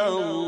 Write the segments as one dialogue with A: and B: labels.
A: Oh.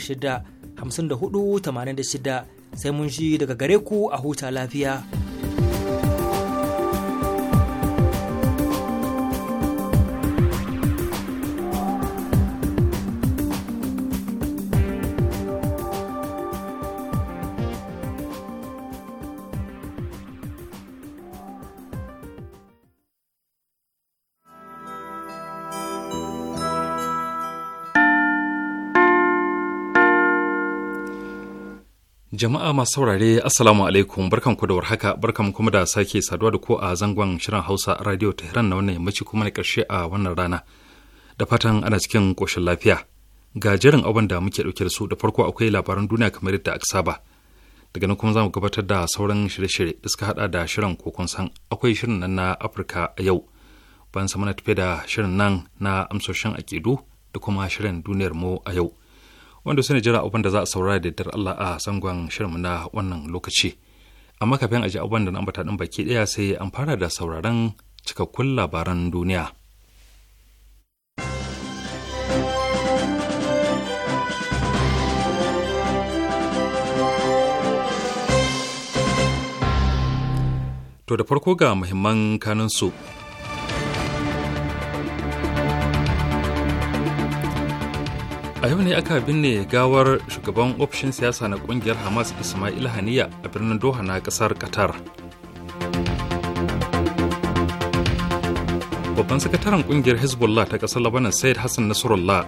B: shida 5486 sai mun ji daga gare ku a huta lafiya.
C: Jama'a masu saurare Assalamu alaikum ku da warhaka barkan kuma da sake saduwa da ku a zangon shirin Hausa Radio Tehran na wannan yammaci kuma na karshe a wannan rana. Da fatan ana cikin koshin lafiya. Ga jerin abin da muke dauke da su da farko akwai labaran duniya kamar yadda aka saba. Daga nan kuma zamu gabatar da sauran shirye-shirye da suka hada da shirin kokon san akwai shirin nan na Afirka a yau. ban sa muna tafi da shirin nan na amsoshin akidu da kuma shirin duniyar mu a yau. wanda su ne jira abin da za a saurara da dar Allah a sangon shirinmu na wannan lokaci. Amma kafin a ji abin da na ambata ɗin baki ɗaya sai an fara da sauraron cikakkun labaran duniya. To da farko ga muhimman kanunsu. su a yau ne aka binne gawar shugaban ofishin siyasa na kungiyar hamas ismail haniya a birnin doha na kasar qatar babban sakataren kungiyar hezbollah ta kasar labanan said hassan nasrullah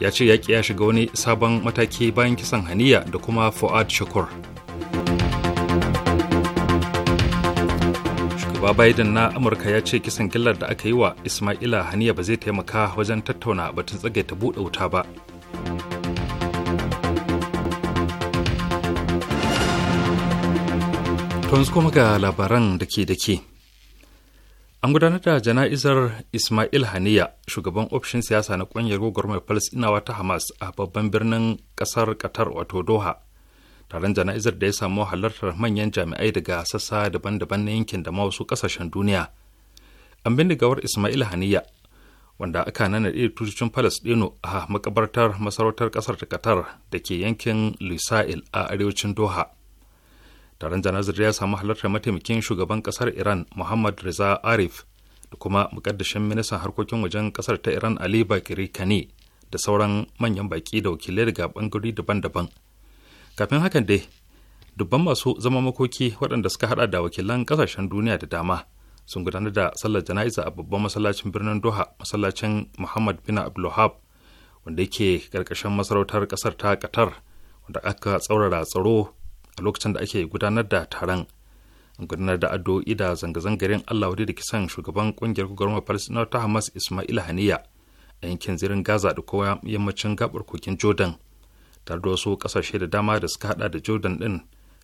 C: ya ce yaƙi ya shiga wani sabon mataki bayan kisan haniya da kuma fuad shakur shugaba biden na amurka ya ce kisan killar da aka yi wa ismaila haniya ba zai taimaka wajen tattauna batun tsagaita buɗe wuta ba To kuma ga labaran da ke da ke. An gudanar da jana'izar Ismail Haniya, shugaban ofishin siyasa na ƙungiyar gwagwarmar Falasɗinawa ta Hamas a babban birnin ƙasar Qatar wato Doha. Taron jana'izar da ya samu halartar manyan jami'ai daga sassa daban-daban na yankin da mawasu wasu ƙasashen duniya. An bindigawar Ismail Haniya, wanda aka nana iya falas Falasɗinu a makabartar masarautar ƙasar ta Qatar da ke yankin Lusail a arewacin Doha. taron janazar ya samu halartar mataimakin shugaban kasar iran muhammad reza arif da kuma mukaddashin ministan harkokin wajen kasar ta iran ali bakiri kane da sauran manyan baki da wakilai daga bangarori daban-daban kafin hakan dai dubban masu zama makoki waɗanda suka hada da wakilan kasashen duniya da dama sun gudanar da sallar jana'iza a babban masallacin birnin doha masallacin muhammad bin abdulwahab wanda yake karkashin masarautar kasar ta qatar wanda aka tsaurara tsaro a lokacin da ake gudanar da taron an gudanar da addu'o'i da zanga-zangarin Allah wadda da kisan shugaban kungiyar gwamnatin Palestina ta Hamas Ismail Haniya a yankin zirin Gaza da kowa yammacin gabar kokin Jordan tare da wasu kasashe da dama da suka hada da Jordan din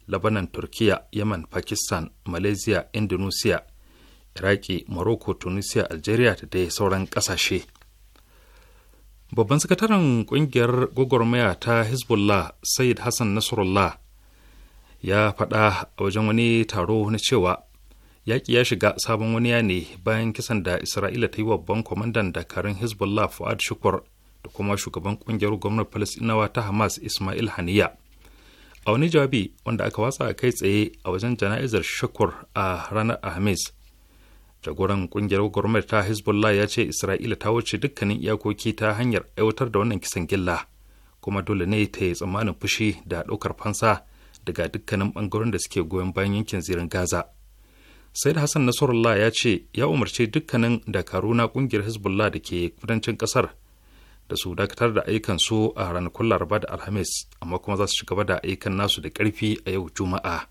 C: Lebanon, Turkiya, Yemen, Pakistan, Malaysia, Indonesia, Iraki, Morocco, Tunisia, Algeria da dai sauran kasashe. Babban sakataren kungiyar gwagwarmaya ta Hezbollah, Said Hassan Nasrullah, ya faɗa a wajen wani taro na cewa yaƙi ya shiga sabon wani ya ne bayan kisan da isra'ila ta yi wa babban kwamandan dakarun hezbollah fuad shukur da kuma shugaban ƙungiyar gwamnar palestinawa ta hamas ismail haniya a wani jawabi wanda aka watsa kai tsaye a wajen jana'izar shukur a ranar alhamis jagoran ƙungiyar gwamnati ta hezbollah ya ce isra'ila ta wuce dukkanin iyakoki ta hanyar aiwatar da wannan kisan gilla kuma dole ne ta yi tsammanin fushi da ɗaukar fansa daga dukkanin ɓangaren da suke goyon bayan yankin zirin gaza sai da hassan nasarullah ya ce ya umarci dukkanin dakaru na ƙungiyar hezbollah da ke kudancin ƙasar da su dakatar da ayyukan su a ranakun laraba da alhamis amma kuma za su ci gaba da ayyukan nasu da ƙarfi a yau juma'a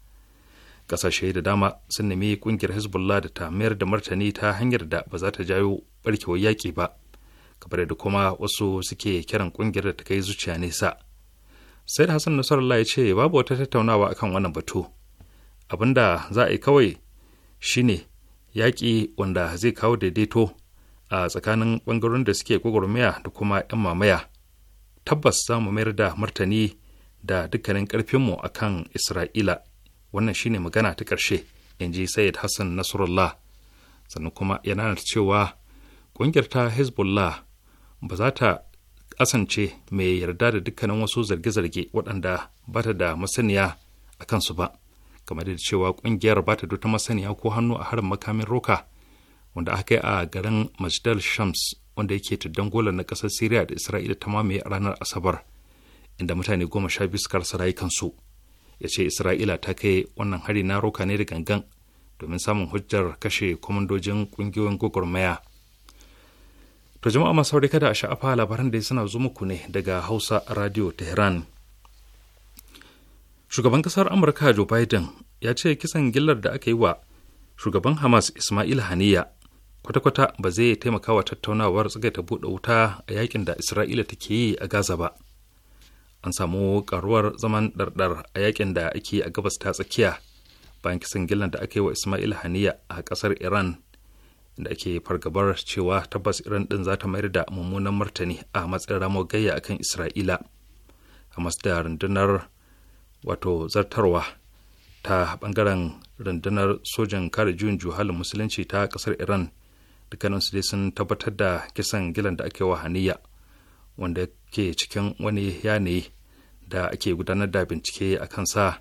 C: ƙasashe da dama sun nemi ƙungiyar hezbollah da ta mayar da martani ta hanyar da ba za ta jawo barkewar yaƙi ba kamar da kuma wasu suke kiran ƙungiyar da ta kai zuciya nesa sai da hassan nasarallah ya ce babu wata tattaunawa akan wannan batu abinda za a yi kawai shine yaƙi wanda zai kawo daidaito a tsakanin ɓangaren da suke gwagwarmaya da kuma 'yan mamaya tabbas za mu mayar da martani da dukkanin ƙarfinmu a kan isra'ila wannan shine magana ta ƙarshe in ji sayyid hassan nasrullah sannan kuma yana cewa ƙungiyar ta hezbollah ba za ta kasance mai yarda da dukkanin wasu zarge-zarge waɗanda ba ta da masaniya a kansu ba kamar da cewa ƙungiyar ba ta ta masaniya ko hannu a harin makamin roka wanda aka yi a garin majdal shams wanda yake tuddan gola na ƙasar siriya da isra'ila ta mamaye a ranar asabar inda mutane goma sha biyu suka rasa rayukansu ya ce isra'ila ta kai wannan hari na roka ne da gangan domin samun hujjar kashe kwamandojin ƙungiyoyin gwagwarmaya To jama'a masu kada a sha'afa labaran da ya suna zo muku ne daga Hausa Radio Tehran. Shugaban kasar Amurka Joe Biden ya ce kisan gillar da aka yi wa shugaban Hamas Ismail Haniya kwata-kwata ba zai taimaka wa tattaunawar ta buɗe wuta a yakin da Isra'ila take yi a Gaza ba. An samu karuwar zaman ɗarɗar a yakin da ake a gabas ta tsakiya bayan kisan gillar da aka yi wa Ismail Haniya a ƙasar Iran da ake fargabar cewa tabbas iran din za ta mayar da mummunan martani a matsayin ramar gayya kan isra'ila hamas da rundunar wato zartarwa ta bangaren rundunar sojan kare juyin juhalin musulunci ta kasar iran dukkaninsu dai sun tabbatar da kisan gilan da ake wa haniya wanda ke cikin wani yanayi da ake gudanar da bincike a sa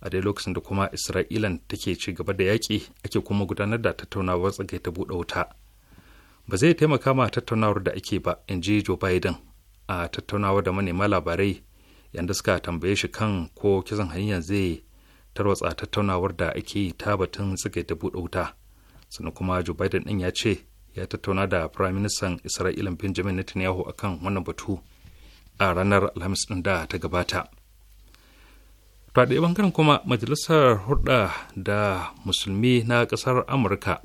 C: a dai lokacin da kuma isra'ilan take ci gaba da yaƙi ake kuma gudanar da tattaunawar tsagai ta buɗe wuta ba zai taimaka ma tattaunawar da ake ba in ji joe biden a tattaunawar da manema labarai yadda suka tambaye shi kan ko kisan hanyar zai tarwatsa tattaunawar da ake yi ta batun tsagai ta buɗe wuta sannan kuma joe biden ɗin ya ce ya tattauna da firaministan isra'ilan benjamin netanyahu akan wannan batu a ranar alhamis ɗin da ta gabata to a kuma majalisar hulɗa da musulmi na ƙasar amurka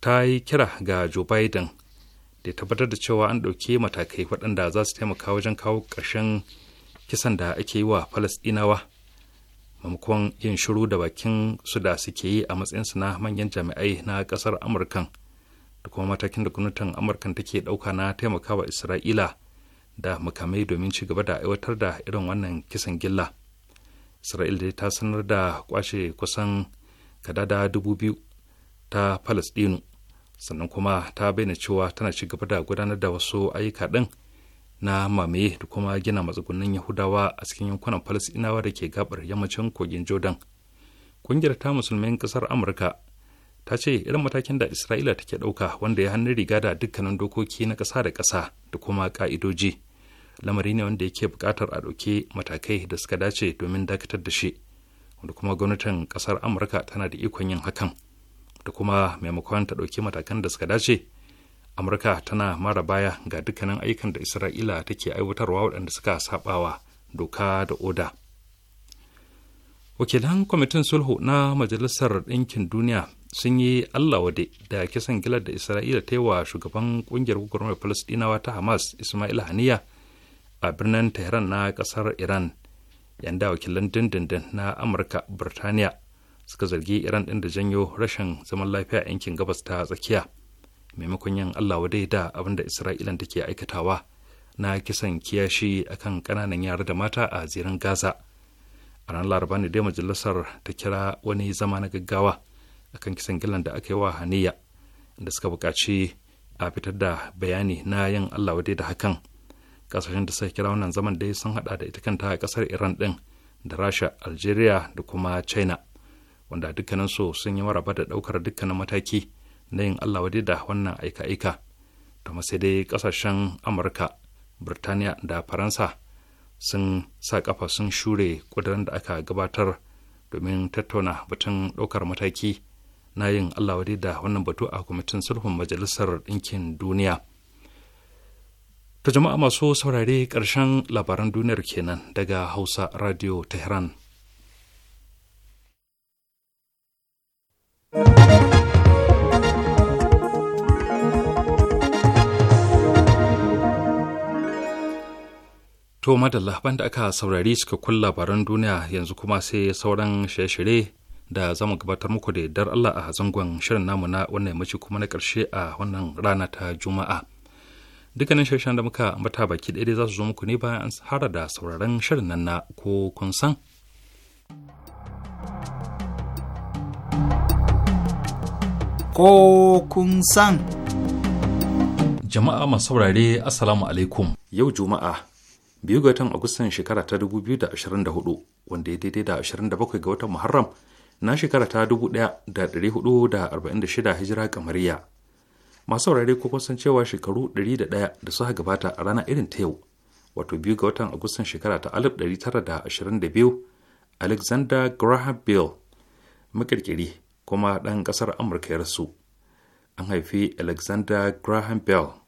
C: ta yi kira ga joe biden da tabbatar da cewa an ɗauki matakai waɗanda za su taimaka wajen kawo ƙarshen kisan da ake yi wa falasɗinawa maimakon yin shiru da bakin su da suke yi a matsayinsu na manyan jami'ai na kasar amurkan da kuma matakin da gwamnatin amurkan take ɗauka na taimakawa isra'ila da makamai domin ci gaba da aiwatar da irin wannan kisan gilla isra'il dai ta sanar da kwashe kusan kadada dubu biyu ta palestinu sannan kuma ta bayyana cewa tana ci gaba da gudanar da wasu ayyuka ɗin na mamaye da kuma gina matsugunan yahudawa a cikin yankunan palestinawa da ke gabar yammacin kogin jordan ƙungiyar ta musulmai ƙasar amurka ta ce irin matakin da isra'ila take ɗauka wanda ya hannu riga da dukkanin dokoki na ƙasa da ƙasa da kuma ƙa'idoji lamari ne wanda yake buƙatar a ɗauki matakai da suka dace domin dakatar da shi wanda kuma gwamnatin ƙasar amurka tana da ikon yin hakan da kuma maimakon ta ɗauki matakan da suka dace amurka tana mara baya ga dukkanin ayyukan da isra'ila take aiwatarwa waɗanda suka saɓawa doka da oda wakilan kwamitin sulhu na majalisar ɗinkin duniya sun yi allah wade da kisan gilar da isra'ila ta yi wa shugaban ƙungiyar gwagwarmar falastinawa ta hamas ismail haniya a birnin tehran na kasar iran yanda wakilan dindindin na amurka birtaniya suka zargi iran din da janyo rashin zaman lafiya a yankin gabas ta tsakiya maimakon yin allah wadai da abin da isra'ila take aikatawa na kisan kiyashi akan kananan yara da mata a zirin gaza a ranar laraba ne dai majalisar ta kira wani zama na gaggawa akan kisan gillan da aka yi wa haniya da suka buƙaci a fitar da bayani na yin allah wadai da hakan kasashen da suka kira wannan zaman dai sun hada da ita kanta kasar iran din da rasha algeria da kuma china wanda dukkaninsu sun yi maraba da daukar dukkanin mataki na yin allah wadai da wannan aika-aika da sai dai kasashen amurka birtaniya da faransa sun sa kafa sun shure kudurin da aka gabatar domin tattauna batun daukar mataki na yin allah wadai da wannan batu a kwamitin sulhun majalisar ɗinkin duniya ta jama'a masu saurare ƙarshen labaran duniyar kenan daga hausa radio tehran To madalla banda aka saurari suka cikakkun labaran duniya yanzu kuma sai sauran shirye-shirye da zamu gabatar muku da dar Allah a zangon shirin namu na wannan yammaci kuma na ƙarshe a wannan rana ta Juma'a. dukkanin sharshen da muka mata baki ɗaya za su zo muku ne bayan an hara da sauraron shirin nan na ko kun san ko kun san jama'a masu saurare assalamu alaikum yau juma'a biyu ga watan agustan shekara ta 2024 wanda ya daidai da 27 ga watan muharram na shekara ta 1446 hijira kamariya masu saurare ko kusan cewa shekaru 101 da suka gabata a rana irin ta yau wato biyu ga watan agustan shekara ta 1922 alexander graham bell makirkiri kuma ɗan ƙasar amurka ya rasu an haifi alexander graham bell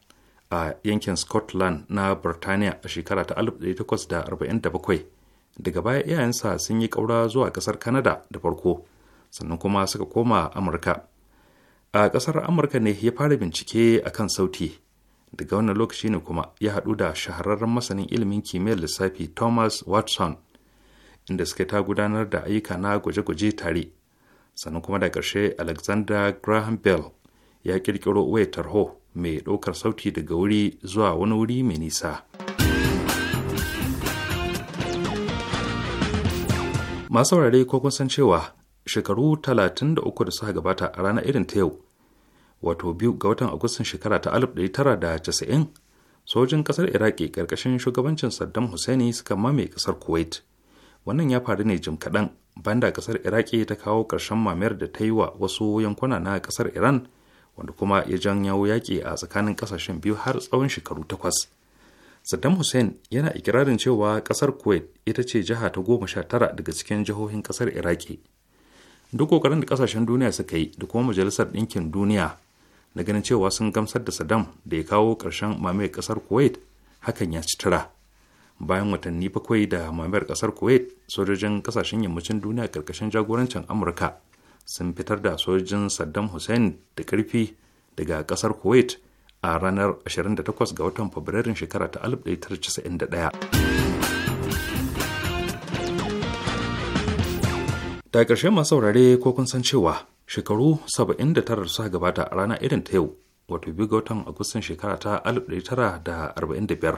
C: a yankin scotland na birtaniya a shekara ta 1847 daga baya iyayensa sun yi ƙaura zuwa ƙasar canada da farko sannan kuma suka koma amurka a ƙasar amurka ne ya fara bincike a kan sauti daga wannan lokaci ne kuma ya haɗu da shahararren masanin ilimin kimiyyar lissafi thomas watson inda suka ta gudanar da ayyuka na gwaje-gwaje tare sannan kuma da ƙarshe alexander graham bell ya ƙirƙiro waya tarho mai ɗaukar sauti daga wuri zuwa wani wuri mai nisa masu saurare ko kun cewa shekaru 33 da suka gabata a ranar irin ta yau wato biyu ga watan agustan shekara ta 1990 sojin kasar iraki karkashin shugabancin saddam hussein suka mame kasar kuwait wannan ya faru ne jim kaɗan banda kasar iraki ta kawo ƙarshen mamayar da ta yi wa wasu yankuna na kasar iran wanda kuma ya janyo yaƙi a tsakanin ƙasashen biyu har tsawon shekaru takwas saddam hussein yana ikirarin cewa ƙasar kuwait ita ce jiha ta goma sha tara daga cikin jihohin ƙasar iraki duk kokarin da kasashen duniya suka yi da kuma majalisar ɗinkin duniya na ganin cewa sun gamsar da saddam da ya kawo ƙarshen mamayar ƙasar kuwait hakan ya ci tura bayan watanni bakwai da mamayar ƙasar kuwait sojojin ƙasashen yammacin duniya ƙarƙashin jagorancin amurka sun fitar da sojojin saddam hussein da ƙarfi daga ƙasar kuwait a ranar 28 ga watan fabrairun shekara ta 1991 Da ƙarshe masu saurare ko kun san cewa shekaru 79 suka gabata a rana irin ta yau wato biyu ga watan Agustan shekara ta 1945.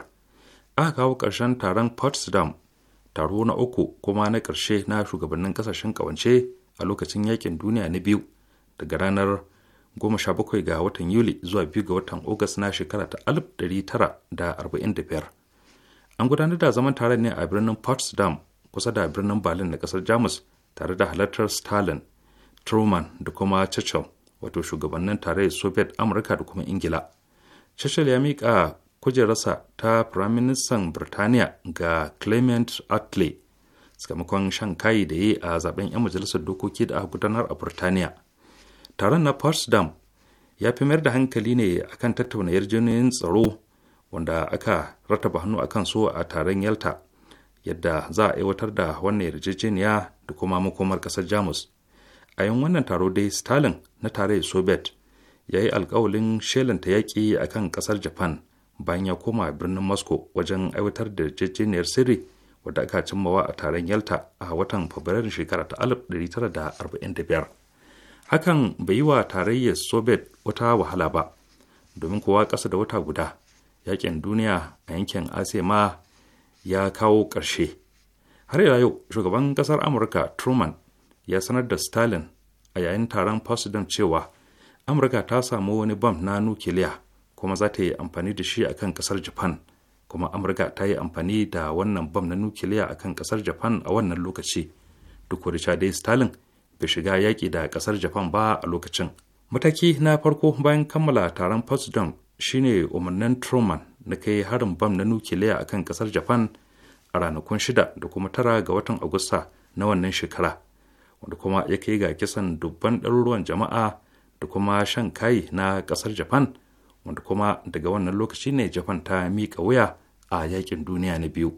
C: Aka kawo ƙarshen taron Potsdam taro na uku kuma na ƙarshe na shugabannin ƙasashen ƙawance a lokacin yakin duniya na biyu daga ranar 17 ga watan Yuli zuwa biyu ga watan Agas na shekara ta 1945. An gudanar da zaman taron ne a birnin Potsdam kusa da birnin Berlin na ƙasar Jamus tare da halartar stalin truman da kuma churchill wato shugabannin tarayyar soviet amurka da kuma ingila churchill ya miƙa kujerarsa ta firaministan birtaniya ga clement attlee sakamakon shan kayi da yi a zaben 'yan majalisar dokoki da aka gudanar a burtaniya taron na potsdam ya fi mayar da hankali ne akan tattauna yarjejeniyar tsaro wanda aka rataba hannu a kan so a taron yalta yadda za a aiwatar da wannan yarjejeniya da kuma makomar kasar jamus a yin wannan taro dai stalin na tarayyar soviet ya yi alkawalin shelanta yaƙi a kan ƙasar japan bayan ya koma birnin moscow wajen aiwatar da yarjejeniyar sirri wadda aka cimmawa a taron yalta a watan fabrairun shekara ta da da arba'in biyar hakan bai yi wa tarayyar soviet wata wahala ba domin kowa ƙasa da wata guda yaƙin duniya a yankin asiya ma ya kawo ƙarshe har yau shugaban ƙasar amurka truman ya sanar da stalin a yayin taron potsdam cewa amurka ta samu wani bam na nukiliya kuma za ta yi amfani da shi a kan ƙasar japan kuma amurka ta yi amfani da wannan bam na nukiliya a kan ƙasar japan a wannan lokaci duk da dai stalin bai shiga yaƙi da ƙasar japan ba a lokacin mataki na farko bayan kammala taron potsdam shine umarnin truman na kai harin bam na nukiliya a kan kasar japan a ranakun shida da kuma tara ga watan agusta na wannan shekara wanda kuma ya kai ga kisan dubban ɗaruruwan jama'a da kuma shan kai na kasar japan wanda kuma daga wannan lokaci ne japan ta miƙa wuya a yakin duniya na biyu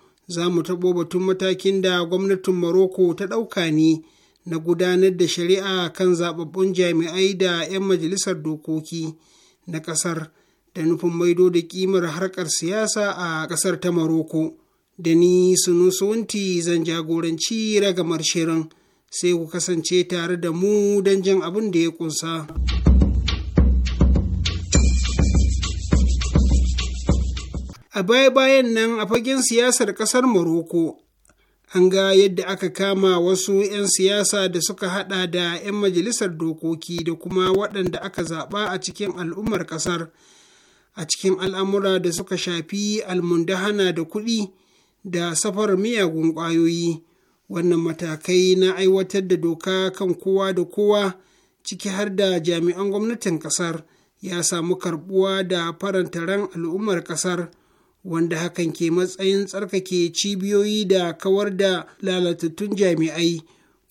D: za mu taɓo batun matakin da gwamnatin Maroko ta ɗauka ne na gudanar da shari'a kan zaɓaɓɓun jami'ai da 'yan majalisar dokoki na ƙasar da nufin maido da ƙimar harkar siyasa a ƙasar ta Maroko. Da ni sunusunti zan jagoranci ragamar shirin sai ku kasance tare da mu don jin abin da ya ƙunsa. A baya-bayan nan a fagen siyasar ƙasar Morocco, an ga yadda aka kama wasu 'yan siyasa da suka haɗa da 'yan majalisar dokoki da kuma waɗanda aka zaɓa a cikin al'ummar ƙasar a cikin al'amura da suka shafi almundahana da kuɗi da safar miyagun ƙwayoyi wannan matakai na aiwatar da doka kan kowa da kowa ciki har da jami'an gwamnatin ƙasar ya samu karɓuwa da faranta ran al'ummar ƙasar wanda hakan ke matsayin tsarkake cibiyoyi da kawar da lalatattun jami'ai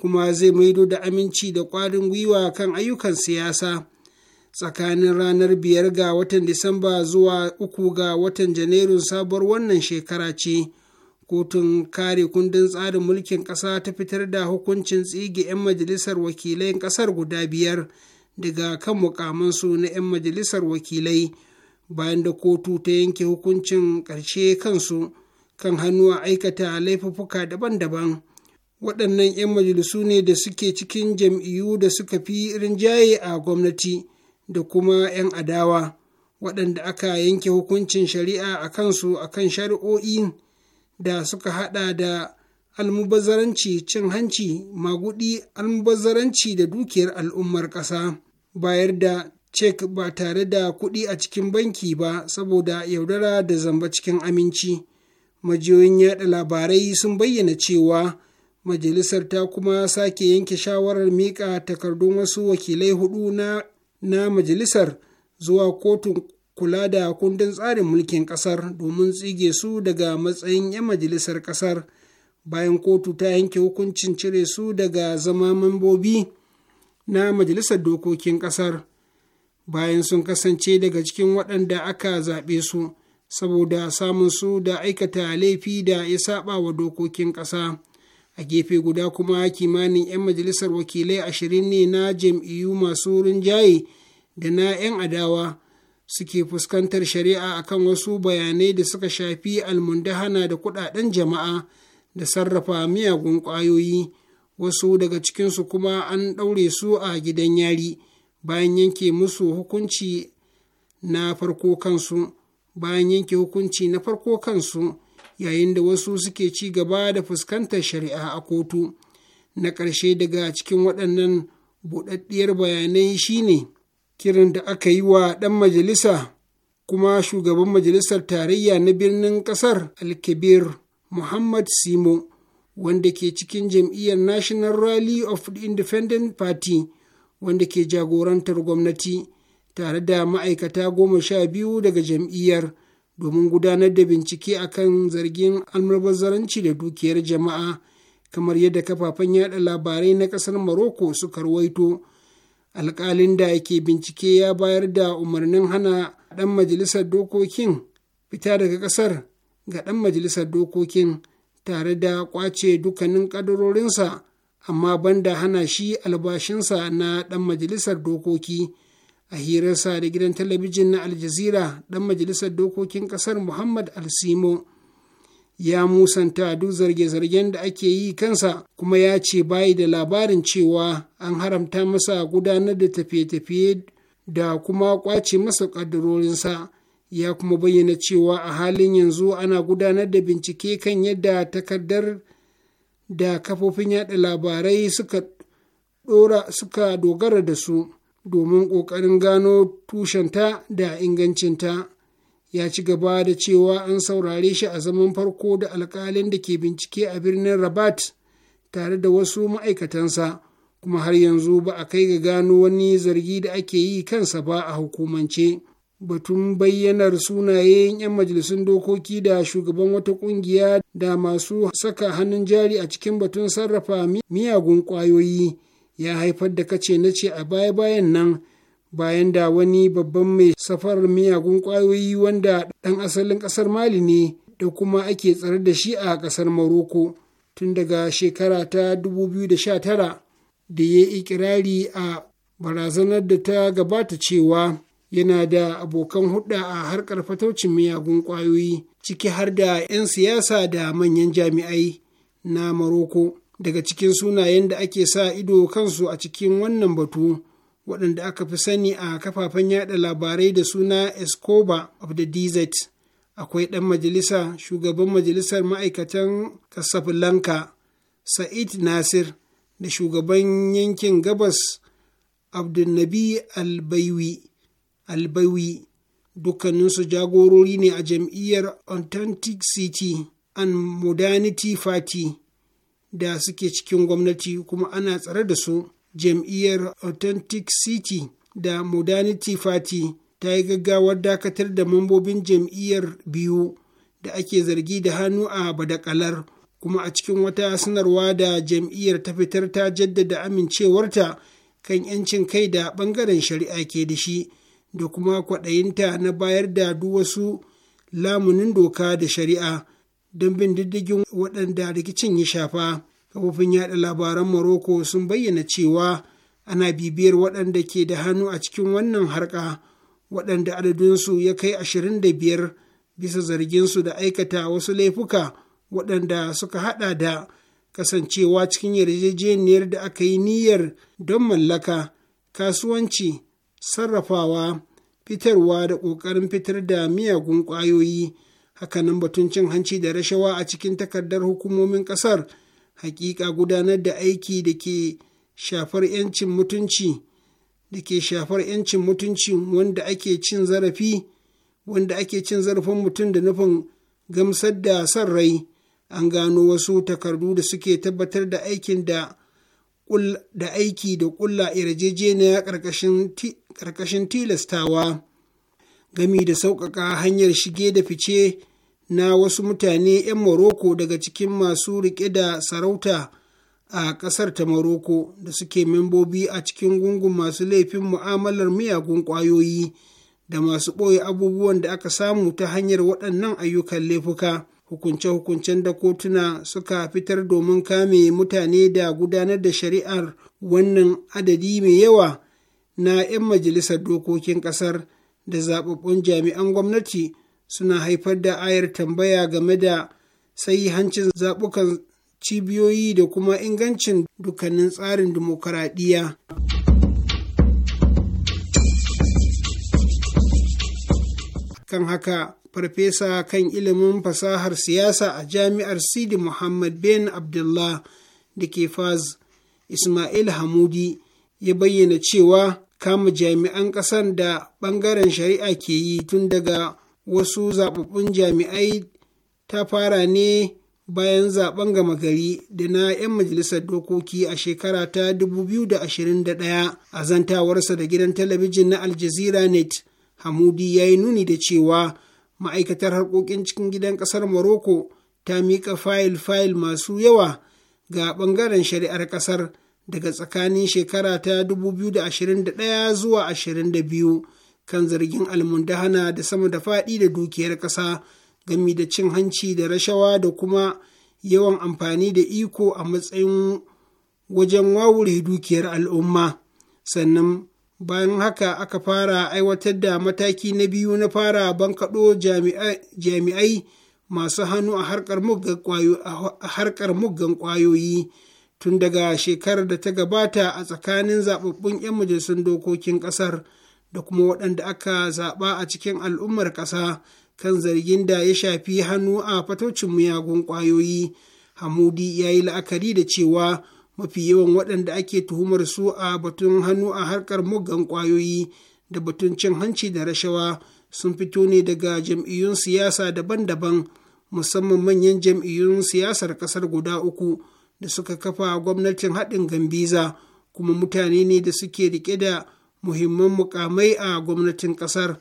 D: kuma zai maido da aminci da ƙwarin gwiwa kan ayyukan siyasa tsakanin ranar biyar ga watan disamba zuwa uku ga watan janairun sabuwar wannan shekara ce kotun kare kundin tsarin mulkin ƙasa ta fitar da hukuncin tsige 'yan majalisar wakilai ƙasar guda biyar daga kan mukamansu na 'yan majalisar wakilai bayan da kotu ta yanke hukuncin ƙarshe kansu kan hannu a aikata laifuffuka daban-daban waɗannan 'yan majalisu ne da suke cikin jam'iyyu da suka fi rinjaye a gwamnati da kuma 'yan adawa waɗanda aka yanke hukuncin shari'a a kansu a kan shari'o'i da suka haɗa da almubazzaranci cin hanci magudi almubazzaranci da dukiyar al'ummar ƙasa bayar da cek ba tare da kuɗi a cikin banki ba saboda yaudara da zamba cikin aminci majiyoyin yaɗa labarai sun bayyana cewa majalisar ta kuma sake yanke shawarar miƙa takardun wasu wakilai hudu na, na majalisar zuwa kotun kula da kundin tsarin mulkin ƙasar domin tsige su daga matsayin 'yan majalisar ƙasar bayan kotu ta yanke hukuncin cire su daga zama mambobi na majalisar dokokin ƙasar bayan sun kasance daga cikin waɗanda aka zaɓe su saboda samun su da aikata laifi da ya saba wa dokokin ƙasa a gefe guda kuma kimanin 'yan majalisar wakilai ashirin ne na jam'iyyu masu rinjaye da na 'yan adawa suke fuskantar shari'a akan wasu bayanai da suka shafi almundahana da kuɗaɗen jama'a da sarrafa miyagun ƙwayoyi wasu daga cikinsu kuma an ɗaure su a gidan yari. bayan yanke musu hukunci na farko kansu bayan yanke hukunci na farko kansu yayin da wasu suke ci gaba da fuskantar shari'a a kotu na ƙarshe daga cikin waɗannan buɗaɗɗiyar bayanai shine Kiran da aka yi wa ɗan majalisa kuma shugaban majalisar tarayya na birnin ƙasar alkabir muhammad simo wanda ke cikin jam'iyyar national rally of the independent party wanda ke jagorantar gwamnati tare da ma'aikata goma sha biyu daga jam'iyyar domin gudanar da bincike a kan zargin almubazzaranci da dukiyar jama'a kamar yadda kafafen yada labarai na kasar maroko suka rawaito. Alƙalin da ke bincike ya bayar da umarnin hana dan majalisar dokokin fita daga kasar ga dan majalisar dokokin tare da ƙwace dukkanin kadarorinsa amma banda hana shi albashinsa na ɗan majalisar dokoki a hirarsa da gidan talabijin na aljazira ɗan majalisar dokokin ƙasar muhammad alsimo ya musanta duk zarge-zargen da ake yi kansa kuma ya ce bayi da labarin cewa an haramta masa gudanar da tafiye-tafiye da kuma kwace masa ƙaddarorinsa ya kuma bayyana cewa a halin yanzu ana gudanar da bincike kan yadda takardar da kafofin yada labarai suka dora suka dogara da su domin ƙoƙarin gano tushenta da ingancinta ya ci gaba da cewa an saurare shi a zaman farko da alkalin da ke bincike a birnin rabat tare da wasu ma'aikatansa kuma har yanzu ba a kai ga gano wani zargi da ake yi kansa ba a hukumance batun bayyanar sunayen 'yan majalisun dokoki da shugaban wata kungiya da masu saka hannun jari a cikin batun sarrafa miyagun kwayoyi ya haifar da kace na ce a baya-bayan nan bayan da wani babban mai safar miyagun kwayoyi wanda ɗan asalin ƙasar mali ne da kuma ake tsare da shi a ƙasar maroko tun daga shekara ta 2019 da ya yi ikirari a barazanar da ta gabata cewa yana da abokan hudda a harkar fataucin miyagun ƙwayoyi ciki har da 'yan siyasa da manyan jami'ai na maroko daga cikin sunayen da ake sa ido kansu a cikin wannan batu waɗanda aka fi sani a kafafen yada labarai da suna escoba of the desert akwai ɗan majalisa shugaban majalisar ma'aikatan casablanca sa'id nasir da shugaban yankin gabas abdulnabi albaiwi albawi dukkaninsu jagorori ne a jam'iyyar City and modernity party da suke cikin gwamnati kuma ana tsare da su jam'iyyar City da modernity party ta yi gaggawar dakatar da mambobin jam'iyyar biyu da ake zargi da hannu a badakalar kuma a cikin wata sanarwa da jam'iyyar ta fitar ta jaddada amincewarta kan 'yancin kai da ɓangaren shari'a ke da shi da kuma kwaɗayinta na bayar da duk wasu lamunin doka da shari'a don bin diddigin waɗanda rikicin ya shafa kafofin yaɗa labaran Morocco sun bayyana cewa ana bibiyar waɗanda ke da hannu a cikin wannan harka waɗanda adadinsu ya kai ashirin da biyar bisa zarginsu da aikata wasu laifuka waɗanda suka haɗa da kasancewa cikin yarjejeniyar da aka yi niyyar don mallaka kasuwanci sarrafawa fitarwa da ƙoƙarin fitar da miyagun ƙwayoyi hakanan batun cin hanci da rashawa a cikin takardar hukumomin ƙasar hakika gudanar da aiki da ke shafar 'yancin mutunci da ke shafar 'yancin mutunci wanda ake cin zarafi wanda ake cin zarafin mutum da nufin gamsar da sarrai rai an gano wasu takardu da suke tabbatar da aikin da aiki da ƙulla yarjejeniya ƙarƙashin ƙarƙashin tilastawa gami da sauƙaƙa hanyar shige da fice na wasu mutane 'yan Morocco daga cikin masu riƙe da sarauta a ƙasar ta Morocco da suke membobi a cikin gungun masu laifin mu'amalar miyagun ƙwayoyi da masu ɓoye abubuwan da aka samu ta hanyar waɗannan ayyukan laifuka. Hukunce-hukuncen da kotuna suka fitar domin kame mutane da gudanar da shari'ar wannan adadi mai yawa na 'yan majalisar dokokin ƙasar da zaɓaɓɓun jami'an gwamnati suna haifar da ayar tambaya game da hancin zaɓukan cibiyoyi da kuma ingancin dukkanin tsarin dimokuraɗiyya. kan haka farfesa kan ilimin fasahar siyasa a jami'ar sidi muhammad bin abdullah da ke faz ismail hamudi ya bayyana cewa kama jami'an ƙasar da ɓangaren shari'a ke yi tun daga wasu zaɓaɓɓun jami'ai ta fara ne bayan zaɓen gama gari da na 'yan majalisar dokoki a shekara ta 2021 a zantawarsa da gidan talabijin na aljazeera net hamudi ya yi nuni da cewa ma'aikatar harkokin cikin gidan ƙasar morocco ta miƙa fayil-fayil masu yawa ga ɓangaren shari'ar ƙasar daga tsakanin shekara ta 2021 zuwa 22 kan zargin almundahana da sama da faɗi da dukiyar ƙasa gami da cin hanci da rashawa da kuma yawan amfani da iko a matsayin wajen wawure dukiyar al'umma sannan bayan haka aka fara aiwatar da mataki na biyu na fara bankaɗo jami'ai masu hannu a harkar muggan ƙwayoyi tun daga shekarar da ta gabata a tsakanin zaɓaɓɓun 'yan majalisun dokokin ƙasar da kuma waɗanda aka zaɓa a cikin al'ummar ƙasa kan zargin da ya shafi hannu a fatocin miyagun ƙwayoyi hamudi ya yi la'akari da cewa mafi yawan waɗanda ake tuhumar su a batun hannu a harkar muggan ƙwayoyi da batun cin hanci da rashawa sun fito ne daga jam'iyyun siyasa daban-daban musamman manyan jam'iyyun siyasar ƙasar guda uku da suka kafa gwamnatin haɗin gambiza kuma mutane ne da suke riƙe da muhimman mukamai a gwamnatin ƙasar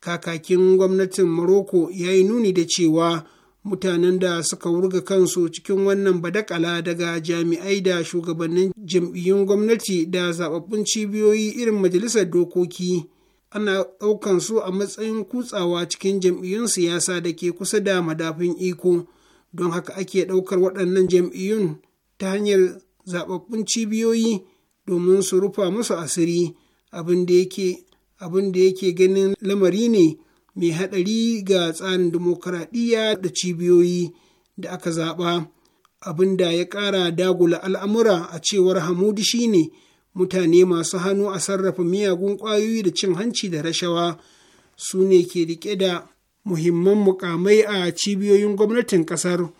D: kakakin gwamnatin maroko ya yi nuni da cewa mutanen da suka wurga kansu cikin wannan badakala daga jami'ai da shugabannin jam'iyyun gwamnati da zababbun cibiyoyi irin majalisar dokoki ana ɗaukan su a matsayin kutsawa cikin jam'iyyun siyasa da ke kusa da madafin iko don haka ake ɗaukar waɗannan jam'iyyun ta hanyar zaɓaɓɓun cibiyoyi domin su rufa musu asiri abin da yake ganin lamari ne mai haɗari ga tsarin dimokuraɗiyya da cibiyoyi da aka zaɓa abin da ya ƙara dagula al'amura a cewar hamudi shine mutane masu hannu a sarrafa miyagun ƙwayoyi da cin hanci da rashawa su ne ke riƙe da muhimman mukamai a cibiyoyin gwamnatin ƙasar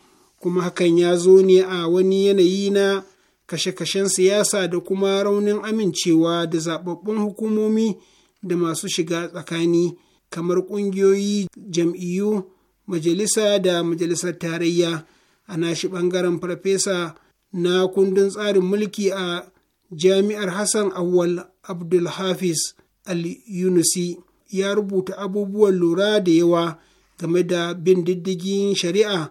D: kuma hakan ya zo ne a wani yanayi na kashe-kashen siyasa da kuma raunin amincewa da zababbun hukumomi da masu shiga tsakani kamar ƙungiyoyi jam'iyyu majalisa da majalisar tarayya a nashi ɓangaren farfesa na kundin tsarin mulki a jami'ar hassan awwal abdulhafiz al-yunusi ya rubuta abubuwan lura da yawa game da bin diddigin shari'a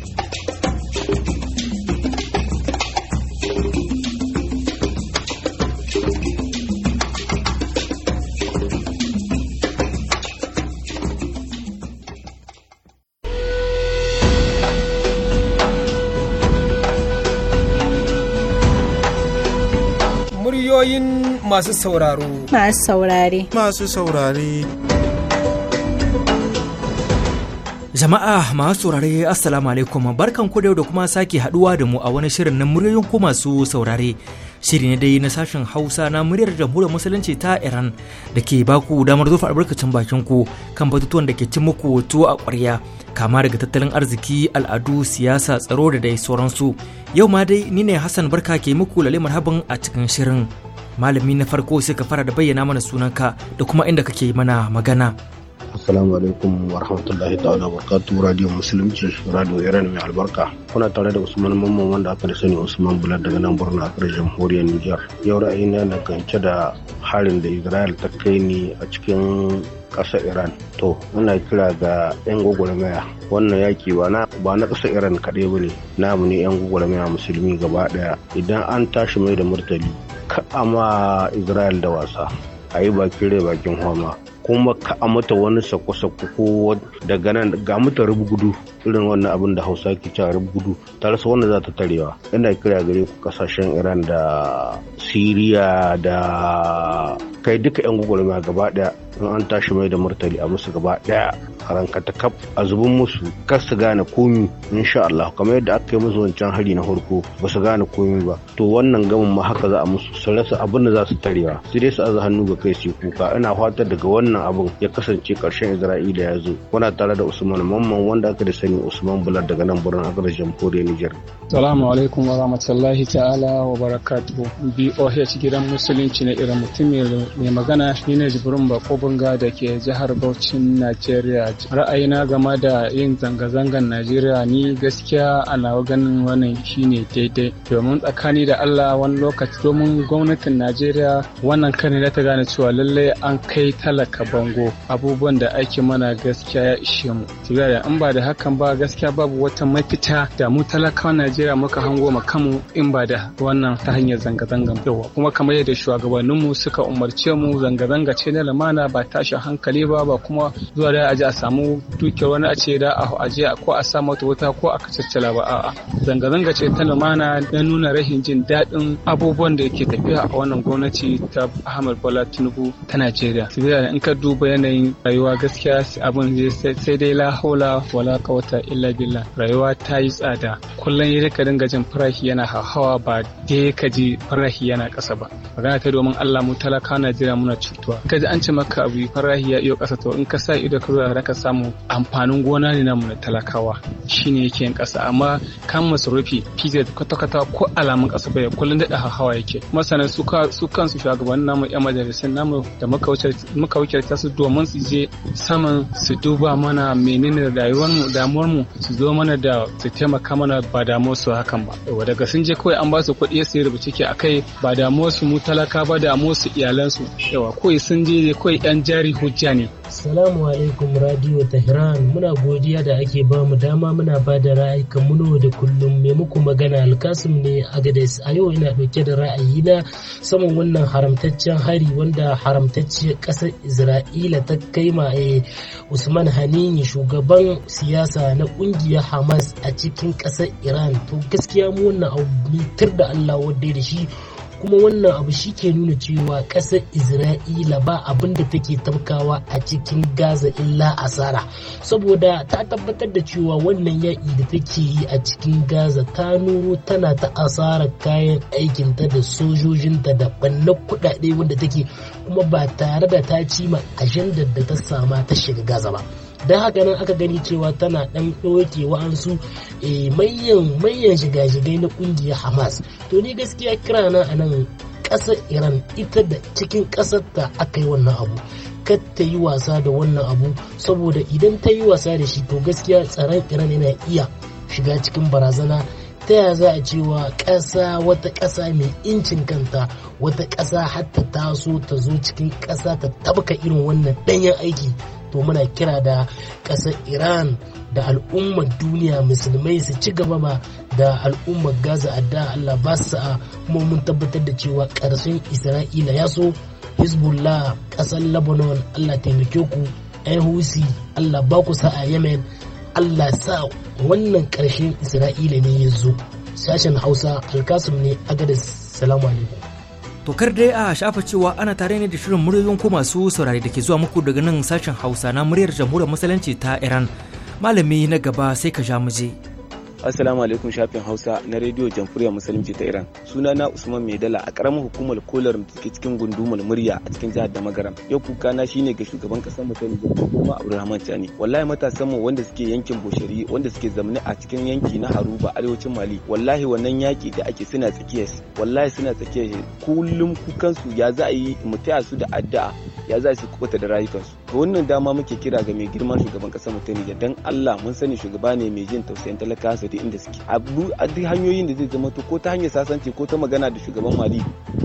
D: Ra'ayoyin masu sauraro. Masu saurare. Masu
B: saurare. Jama'a masu saurare Assalamu alaikum barkan ku da kuma sake haduwa da mu a wani shirin na muryoyin ku masu saurare. Shiri ne dai na sashen Hausa na muryar jamhuriyar musulunci ta Iran da ke baku damar zufa albarkacin bakin ku kan batutuwan da ke cin muku tuwo a ƙwarya kama daga tattalin arziki, al'adu, siyasa, tsaro da dai sauransu. Yau ma dai ni ne Hassan Barka ke muku lalle marhaban a cikin shirin. malami na farko sai ka fara da bayyana mana sunanka da kuma inda kake mana magana
E: Assalamu alaikum wa rahmatullahi ta'ala wa barakatuh Radio Musulunci Radio Iran mai albarka. Kuna tare da Usman Mamman wanda aka da sani Usman Bulat daga nan Borno a jamhuriyar Nijar. Yau ra'ayina na gance da harin da Israel ta kai ni a cikin ƙasa Iran. To, ina kira ga 'yan gwagwarmaya wannan yaki ba na Iran kaɗai ba ne, namu ne 'yan gwagwarmaya musulmi gaba ɗaya. Idan an tashi mai da murtali, ka ma da wasa a yi bakin rai bakin homa kuma ka'a mata wani sako-sako daga nan ga mutu gudu irin wannan abin da hausa ke cewa gudu ta rasa wanda za ta tarewa ina kira gare ku kasashen iran da siriya da kai duka yan ma gaba daya in an tashi mai da martali a musu gaba daya harankata kaf a zubin musu kar su gane komi insha Allah kamar yadda aka yi musu wancan hari na farko ba su gane komi ba to wannan gamin ma haka za a musu su rasa abin da za su tarewa su dai su aza hannu ga kai su kuka ina fatar daga wannan abin ya kasance karshen Isra'ila ya zo kuna tare da Usman Mamman wanda aka da sani Usman Bulat daga nan birnin Accra jamhuriyar Nijar.
F: Salamu alaikum wa rahmatullahi ta'ala wa barakatuhu. BOH gidan musulunci na irin mutum mai magana ni ne Jibrin Bako Bunga da ke jihar Bauchin Najeriya. Ra'ayina game da yin zanga-zangan Najeriya ni gaskiya a nawa ganin wannan shine daidai. Domin tsakani da Allah wani lokaci domin gwamnatin Najeriya wannan kan ta gane cewa lallai an kai talaka bango abubuwan da ake mana gaskiya ya ishe mu in ba da hakan ba gaskiya babu wata mafita da mu talakawa najeriya muka hango ma kanmu in ba da wannan ta hanyar zanga-zangan yawa kuma kamar yadda mu suka umarce mu zanga-zanga ce na lamana ba tashin hankali ba ba kuma zuwa da aji a samu dukiyar wani a ce da a je ko a sa mata wuta ko a kacaccala ba a'a zanga-zanga ce ta lamana na nuna rashin jin daɗin abubuwan da ke tafiya a wannan gwamnati ta Ahmad Bola Tinubu ta Najeriya. Sigari in ka duba yanayin rayuwa gaskiya abin zai sai dai la haula wala kawata illa billah rayuwa ta yi tsada kullum ya ka dinga jin farashi yana hawa ba dai ka ji farashi yana ƙasa ba magana ta domin Allah mu talaka na jira muna cutuwa ka ji an ce maka abu farashi ya iyo ƙasa to in ka sa ido ka zo ka samu amfanin gona ne na muna talakawa shine yake yin ƙasa amma kan masarufi pizza kwata-kwata ko alamun ƙasa bai kullum daɗa hawa yake masana su kansu shugabannin namu 'yan majalisun namu da muka wuce tasu domin su je saman su duba mana menene rayuwarmu mu su zo mana da su taimaka mana ba damuwar su hakan ba daga sun je kawai an ba su kuɗi su rubuce ciki a kai ba damuwar su mu talaka ba damuwar su iyalansu yawa kawai sun je kawai yan jari hujja ne
G: Salamu alaikum Radio Tehran muna godiya da ake ba mu dama muna ba da ra'ayikan mu da kullum mai muku magana alkasim ne a gades a yau ina ɗauke da ra'ayi na saman wannan haramtaccen hari wanda haramtacciyar ƙasar Isra'ila ta kai ma eh, Usman Hanini shugaban siyasa na ƙungiyar Hamas a cikin ƙasar Iran to gaskiya mu wannan abu da Allah wadda da shi kuma wannan abu shi ke nuna cewa ƙasar isra'ila ba abin da take tafkawa a cikin gaza illa asara saboda ta tabbatar da cewa wannan yaƙi da take yi a cikin gaza ta nuro tana ta asara kayan aikinta da sojojinta da ɓannan kuɗaɗe wanda take kuma ba tare da ta cima ajandar da ta sama ta shiga gaza ba. don haka nan aka gani cewa tana dan ɗauke wa'ansu eh, mayan manyan shiga-shigai na ƙungiyar hamas to ni gaskiya kira na a nan ƙasar iran ita da cikin ta aka yi wannan abu kar ta yi wasa da wannan abu saboda idan ta yi wasa da shi to gaskiya tsaron iran yana iya shiga cikin barazana ta yaya za a cewa ƙasa wata ƙasa mai incin kanta wata ƙasa hatta ta taso ta zo cikin ƙasa ta tabka irin wannan ɗanyen aiki to muna kira da ƙasar iran da al'ummar duniya musulmai su ci gaba ba da al'ummar gaza a da allah ba su sa'a kuma mun tabbatar da cewa ƙarshen isra'ila ya so hezbollah ƙasar lebanon allah taimake ku husi allah ba ku sa'a yemen allah sa wannan ƙarshen isra'ila ne ya zo sashen hausa alkasum ne agadis salamu alaikum
B: To kar dai a shafa cewa ana tare ne da shirin muryoyin ku masu saurari da ke zuwa muku daga nan sashen Hausa na muryar jamhuriyar musulunci ta Iran. Malami na gaba sai ka ja mu je.
A: Assalamu alaikum shafin Hausa na Radio Jamhuriyar Musulunci ta Iran. Suna na Usman Maidala a ƙaramin hukumar Kolar da ke cikin gundumar murya a cikin jihar Damagaram. Yau kuka na shine ga shugaban ƙasar mu ta Nijar Abdulrahman Tani. Wallahi matasan mu wanda suke yankin Boshari wanda suke zamani a cikin yanki na Haruba arewacin Mali. Wallahi wannan yaki da ake suna tsakiyar wallahi suna tsakiyar kullum kukan su ya za a yi mu su da addu'a ya za su kubuta da rayukansu. Ga wannan dama muke kira ga mai girman shugaban ƙasar mu ta Nijar dan Allah mun sani shugaba ne mai jin tausayin talakawa ta inda suke a duk hanyoyin da zai zama to ko ta hanyar sasanci ko ta magana da shugaban mali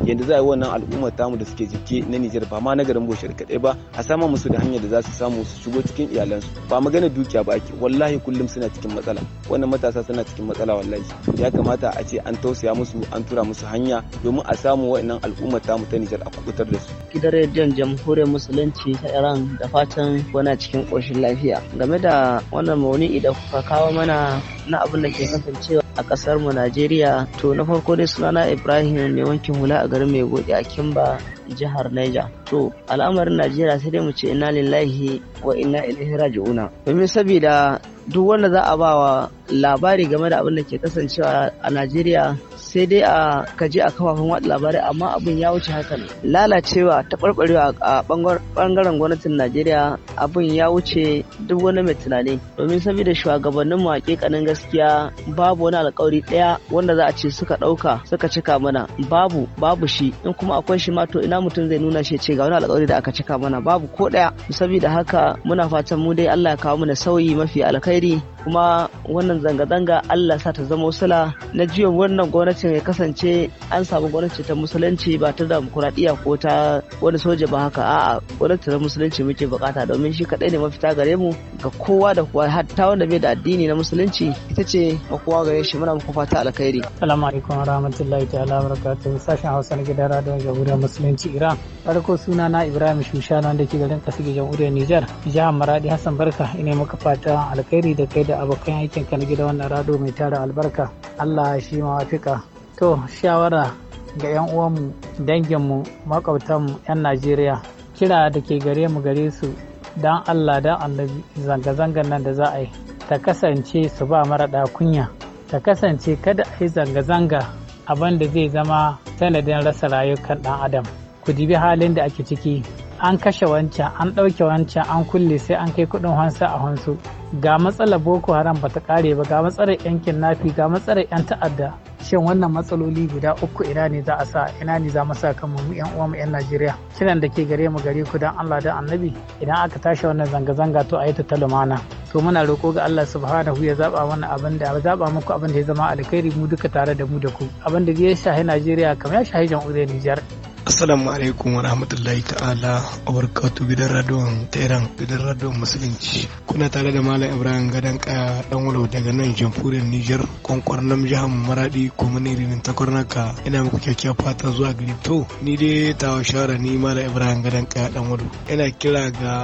A: yadda za a yi wannan al'ummar tamu da suke jike na nijar ba ma na garin boshar kadai ba a sama musu da hanyar da za su samu su shigo cikin iyalansu ba magana dukiya ba ake wallahi kullum suna cikin matsala wannan matasa suna cikin matsala wallahi ya kamata a ce an tausaya musu an tura musu hanya domin a samu wa'annan al'ummar tamu ta nijar a kubutar da su
H: gidan rediyon jamhuriyar musulunci ta iran da fatan wana cikin koshin lafiya game da wannan mauni idan kuka kawo mana na abu abin da ke kasancewa a kasar mu Najeriya. To na farko dai sunana Ibrahim ne wankin hula a garin Maigode a Kimba jihar Niger. To al'amarin Najeriya sai dai mu ce inna lillahi wa inna ilaihi raji'una. Domin saboda duk wanda za a bawa labari game da abin da ke kasancewa a Najeriya sai dai a kaje a kafafen watsa labarai amma abin ya wuce hakan lalacewa ta barbarewa a bangaren gwamnatin najeriya abin ya wuce duk wani mai tunani domin saboda shugabannin mu hakikanin gaskiya babu wani alkawari daya wanda za a ce suka ɗauka suka cika mana babu babu shi in kuma akwai shi ma to ina mutum zai nuna shi ce ga wani alkawari da aka cika mana babu ko ɗaya saboda haka muna fatan mu dai Allah ya kawo mana sauyi mafi alkhairi kuma wannan zanga-zanga Allah sa ta zama sula na jiya wannan gwamnatin mutum ya kasance an samu gwamnati ta musulunci ba ta demokuraɗiyya ko ta wani soja ba haka a'a gwamnati ta musulunci muke bukata domin shi kaɗai ne mafita gare mu ga kowa da kowa hatta wanda bai da addini na musulunci ita ce kowa gare shi muna muku fata alkhairi. Salamu alaikum
I: warahmatullahi ta'ala barakatu sashen Hausa na gidan na jamhuriyar musulunci Iran. Farko suna na Ibrahim Shushana wanda ke garin Kasige jamhuriyar Nijar. Jihar Maradi Hassan Barka ina maka fata alkhairi da kai da abokan aikin ka na gidan wannan rado mai tara albarka. Allah shi mawafika. to shawara ga 'yan uwanmu danginmu makwabtanmu 'yan najeriya kira da ke gare mu gare su don allah don annabi zanga-zangar nan da za a yi ta kasance su ba mara kunya ta kasance kada a yi zanga-zanga abin da zai zama sanadin rasa rayukan ɗan adam ku dibi halin da ake ciki an kashe wancan an ɗauke wancan an kulle sai an kai kuɗin hansa a hansu ga matsalar boko haram bata ƙare ba ga matsalar yankin nafi ga matsalar yan ta'adda shin wannan matsaloli guda uku ina ne za a sa ina ne za mu sa kan mu yan uwa mu yan Najeriya kiran da ke gare mu gare ku dan Allah da Annabi idan aka tashi wannan zanga zanga to a yi ta lumana to muna roko ga Allah subhanahu ya zaba mana abin da zaba muku abin da ya zama alkhairi mu duka tare da mu da ku abin da ya shahi Najeriya kamar ya shahi jamhuriyar Nijar
J: Assalamu alaikum wa rahmatullahi ta'ala a barakatu gidan radon teran gidan radon musulunci. Kuna tare da Malam Ibrahim gadon Kaya dan walo daga nan jamhuriyar Nijar? kwankwar nan jihar Maradi kuma ne rinin takwarnaka ina muku kyakkyawar fata zuwa gari to ni dai tawa shawara ni Malam Ibrahim Gadan Kaya dan walo ina kira ga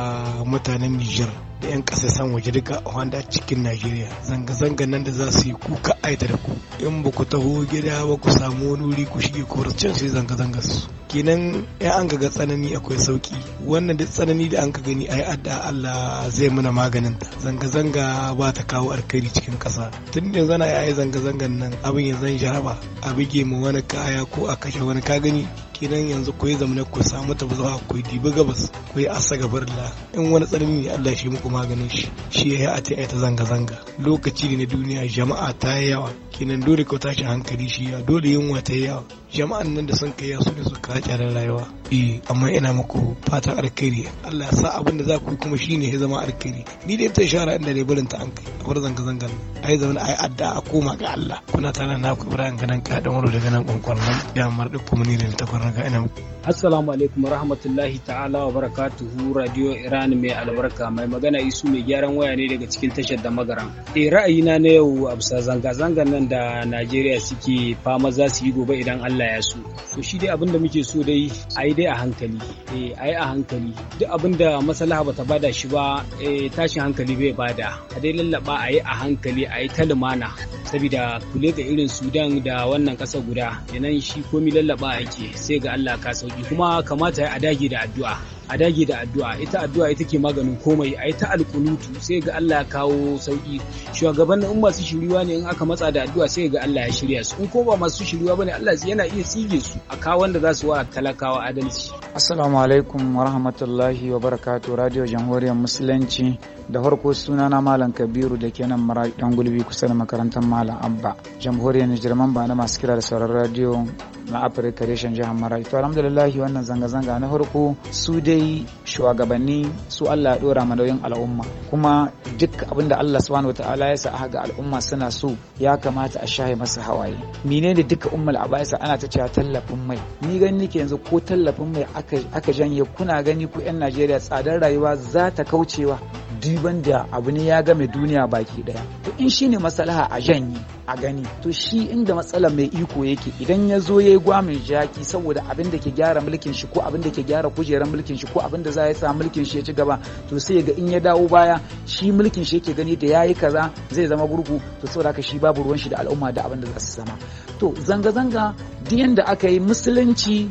J: mutanen Nijar? da 'yan san waje duka wanda cikin Najeriya zanga zanga nan da za su yi kuka aita da ku in ba ku taho gida ba ku samu wani wuri ku shige ku can sai zanga-zanga su kenan ya an ga tsanani akwai sauki wannan da tsanani da an ka gani ai adda Allah zai mana maganin ta zanga-zanga ba ta kawo alkhairi cikin kasa tun da zana yi zanga-zangan nan abin ya zan jaraba a bige mu wani kaya ko a kashe wani ka gani kenan yanzu ku yi zamana ku samu ta zuwa ku yi dibi gabas ku yi asa gabar la in wani tsarmi ne Allah shi muku maganin shi shi ya yi a ta zanga-zanga lokaci ne na duniya jama'a ta yawa kenan dole ka tashi hankali shi ya dole yunwa ta yi yawa jama'an nan da sun kai ya su ne su ka kyaran rayuwa eh amma ina muku fatan alkhairi Allah ya sa abin da za ku yi kuma ne ya zama alkhairi ni dai ta shara inda dai barin ta an kai a bar zanga zangan ai zaman ai adda a koma ga Allah kuna tana na ku Ibrahim ganan ka dan wuro daga nan kwankwarnan da mar kuma ni da ta kwarna ga ina muku
F: Assalamu alaikum rahmatullahi ta'ala wa barakatuhu Radio Iran mai albarka mai magana isu mai gyaran waya ne daga cikin tashar da magaran. E ra'ayina na yau a bisa zanga-zangan nan da Najeriya suke fama za su yi gobe idan Allah ya so. To shi dai abinda muke so dai a yi dai a hankali. E a a hankali. Duk abinda da maslaha bata bada shi ba e, tashin hankali bai bada. A dai lallaba a yi a hankali a yi ta lumana. Sabida kule ga irin Sudan da wannan ƙasa guda. Yanan shi komi lallaba ake sai ga Allah ka sauki kuma kamata a dage da addu'a a dage da addu'a ita addu'a ita ke maganin komai a ita alkunutu sai ga Allah ya kawo sauki shugabannin in masu shiriwa ne in aka matsa da addu'a sai ga Allah ya shirya su in ko ba masu shiriwa bane Allah yana iya sige su a kawo wanda za su wa talakawa adalci assalamu alaikum
K: wa rahmatullahi wa barakatuh radio jamhuriyar musulunci da farko suna na malam kabiru da ke nan mara dan gulbi kusa da makarantar malam abba jamhuriyar nijar ba na masu kira da sauran radio na afirka reshen jihar maraji to wannan zanga-zanga na farko su dai shugabanni su Allah ya dora ma nauyin al'umma kuma duk abin da Allah subhanahu wataala ya sa ga al'umma suna so ya kamata a shaye masa hawaye menene duka ummul abaisa ana ta cewa tallafin mai ni gani nake yanzu ko tallafin mai aka aka janye kuna gani ku yan Najeriya tsadar rayuwa za ta kaucewa diban da abu ne ya game duniya baki daya to in shine masalaha a janye a gani to shi inda matsala mai iko yake idan ya zo ya yi gwamin jaki saboda abin da ke gyara mulkin shi ko abin da ke gyara kujerar mulkin shi ko abin da za siyasa ya sa mulkin shi ya ci gaba to sai ga in ya dawo baya shi mulkin shi yake gani da yayi kaza zai zama gurgu to saboda haka shi babu ruwan shi da al'umma da abin da za su zama to zanga zanga duk yanda aka yi musulunci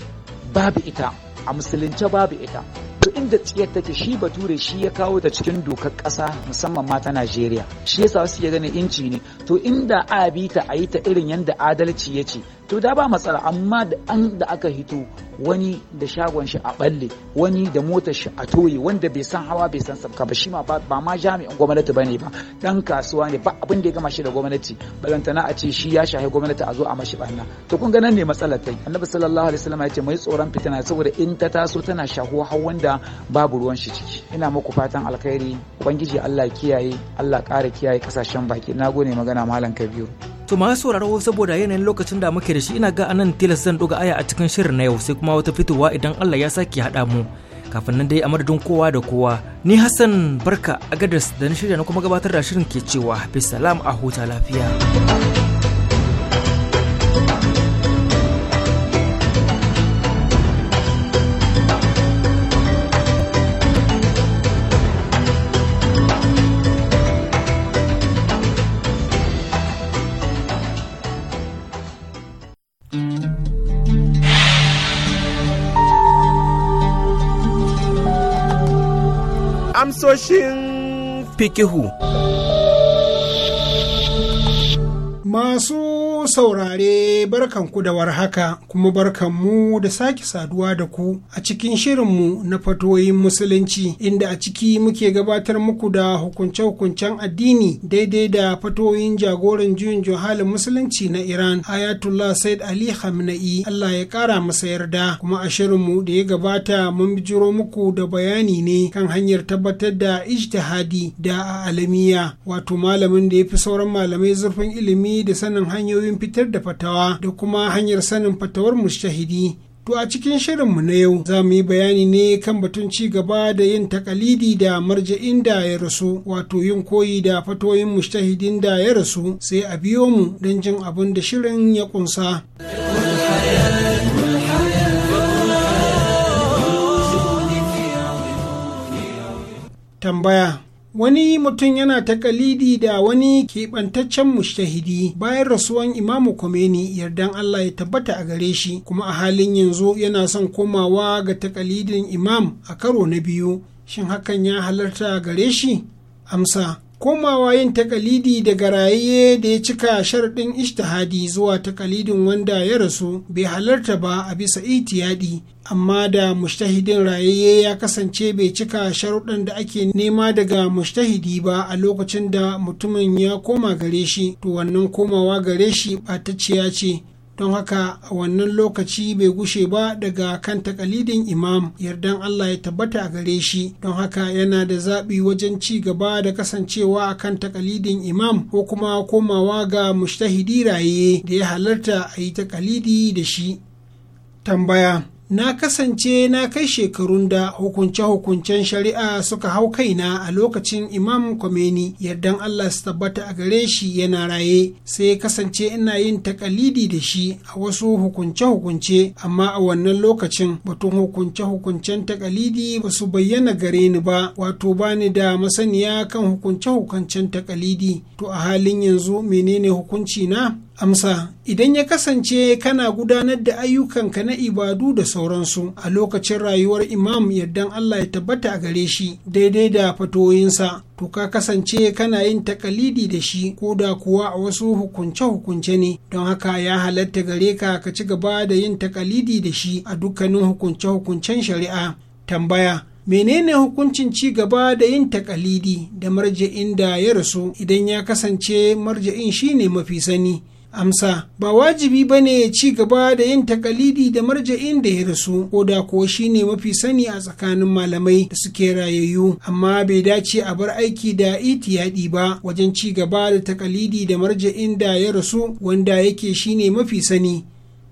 K: babu ita a musulunce babu ita to inda tsiyar take shi bature shi ya kawo ta cikin dokar kasa musamman ma ta Najeriya shi yasa wasu ke gane inci ne to inda a bi ta a yi ta irin yanda adalci ya ce to da ba matsala amma da an da aka hito wani da shagon shi a balle wani da motar shi a toye wanda bai san hawa bai san sabka ba shi ma ba ma jami'in gwamnati bane ba dan kasuwa ne ba abin da ya gama shi da gwamnati balantana a ce shi ya shahi gwamnati a zo a mashi banna to kun ga nan ne matsalar tai annabi sallallahu alaihi wasallam ya ce mai tsoron fitina saboda in ta taso tana shahuwa har wanda babu ruwan shi ciki ina muku fatan alkhairi ubangiji Allah kiyaye Allah ƙara kiyaye kasashen baki nagode magana malam Kabiru
B: To masu sauraro saboda yanayin lokacin da muke da shi ina ga anan tilas zan doga aya a cikin shirin na yau sai kuma wata fitowa idan Allah ya sake haɗa mu. Kafin nan dai a madadin kowa da kowa. Ni Hassan Barka a gadas da na shirya na kuma gabatar da shirin ke cewa bisalam a huta lafiya.
D: amsoshin fikihu. Masu Masu saurare ku da warhaka kuma barkanmu da sake saduwa da ku a cikin shirinmu na fatoyin musulunci inda a ciki muke gabatar muku da hukunce-hukuncen addini daidai da fatoyin jagoran juyin johalin musulunci na Iran Ayatullah Said Ali Khamenei Allah ya kara masa yarda kuma a shirinmu da ya gabata mun bijiro muku da bayani ne kan hanyar tabbatar da ijtihadi da alamiya wato malamin da ya fi sauran malamai zurfin ilimi da sanin hanyoyin hanyoyin fitar da fatawa da kuma hanyar sanin fatawar mushahidi. To a cikin shirinmu na yau za mu yi bayani ne kan batun ci gaba da yin takalidi da marja'in da ya rasu wato yin koyi da fatoyin mushahidin da ya rasu sai a biyo mu don jin abin da shirin ya kunsa. Tambaya wani mutum yana takalidi da wani keɓantaccen mushtahidi bayan rasuwan imamu Khomeini yardan Allah ya tabbata a gare shi kuma a halin yanzu yana son komawa ga takalidin imam a karo na biyu shin hakan ya halarta gare shi amsa komawa yin takalidi daga raye da ya cika sharaɗin ishtihadi zuwa takalidin wanda ya rasu bai halarta ba a bisa itiyadi amma da mushtahidin rayaye ya kasance bai cika sharuɗan da ake nema daga mushtahidi ba a lokacin da mutumin ya koma gare shi to wannan komawa gare shi ɓatacciya ce don haka a wannan lokaci bai gushe ba daga kan takalidin imam yardan Allah ya tabbata a gare shi don haka yana da zaɓi wajen ci gaba da kasancewa a kan takalidin imam ko kuma komawa ga mushtahidi raye da ya halarta a yi takalidi da shi tambaya na kasance na kai shekarun da hukunce-hukuncen shari'a suka hau kaina a lokacin imam Khomeini yardan Allah su tabbata a gare shi yana raye sai kasance ina yin takalidi da shi a wasu hukunce-hukunce amma a wannan lokacin batun hukunce-hukuncen takalidi ba su bayyana gare ni ba wato ba ni da masaniya kan hukunce-hukuncen takalidi to a halin yanzu menene hukunci na Amsa, idan ya kasance kana gudanar da ayyukanka na ibadu da sauransu a lokacin rayuwar imam yardan Allah ya tabbata a gare shi daidai da fatoyinsa, to ka kasance kana yin takalidi da shi ko da kuwa a wasu hukunce-hukunce ne, don haka ya halatta gare ka ka ci gaba da yin takalidi da shi a dukkanin hukunce-hukuncen shari'a. Tambaya. menene hukuncin ci gaba da yin takalidi da marja'in da ya rasu idan ya kasance marja'in shine mafi sani amsa ba wajibi ba ne ya ci gaba da yin takalidi da marja'in da ya rasu ko da kuwa shi mafi sani a tsakanin malamai da suke rayayyu amma bai dace a bar aiki da itiyadi ba wajen ci gaba da takalidi da marja'in da ya rasu wanda yake shine mafi sani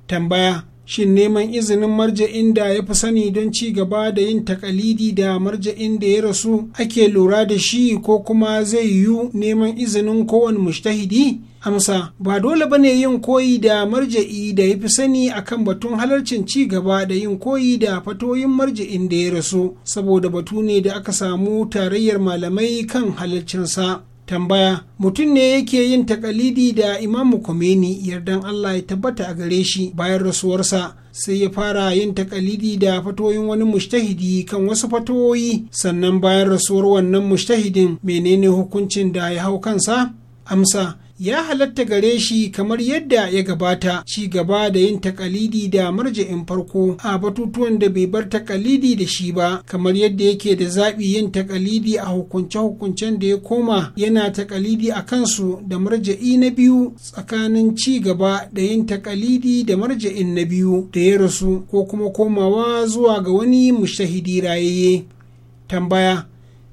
D: tambaya shin neman izinin marja'in da ya fi sani don ci gaba da yin takalidi da marja'in da ya rasu ake lura da shi ko kuma zai yiwu neman izinin kowane mushtahidi amsa ba dole ba ne yin koyi da marja'i da ya fi sani akan batun halarcin ci gaba da yin koyi da fatoyin marja'in da ya rasu saboda batu ne da aka samu tarayyar malamai kan halarcinsa tambaya mutum ne yake yin takalidi da imamu Khomeini yardan Allah ya tabbata a gare shi bayan rasuwarsa sai ya fara yin takalidi da fatoyin wani mushtahidi kan wasu fatoyi sannan bayan rasuwar wannan mushtahidin menene hukuncin da ya hau kansa amsa ya halatta gare shi kamar yadda ya gabata ci gaba da yin takalidi da marja'in farko a batutuwan da bai bar takalidi da shi ba kamar yadda yake da zaɓi yin takalidi a hukunce-hukuncen da ya koma yana takalidi a kansu da marja'i na biyu tsakanin ci gaba da yin takalidi da marja'in na biyu da ya rasu ko kuma komawa zuwa ga wani mushahidi rayayye tambaya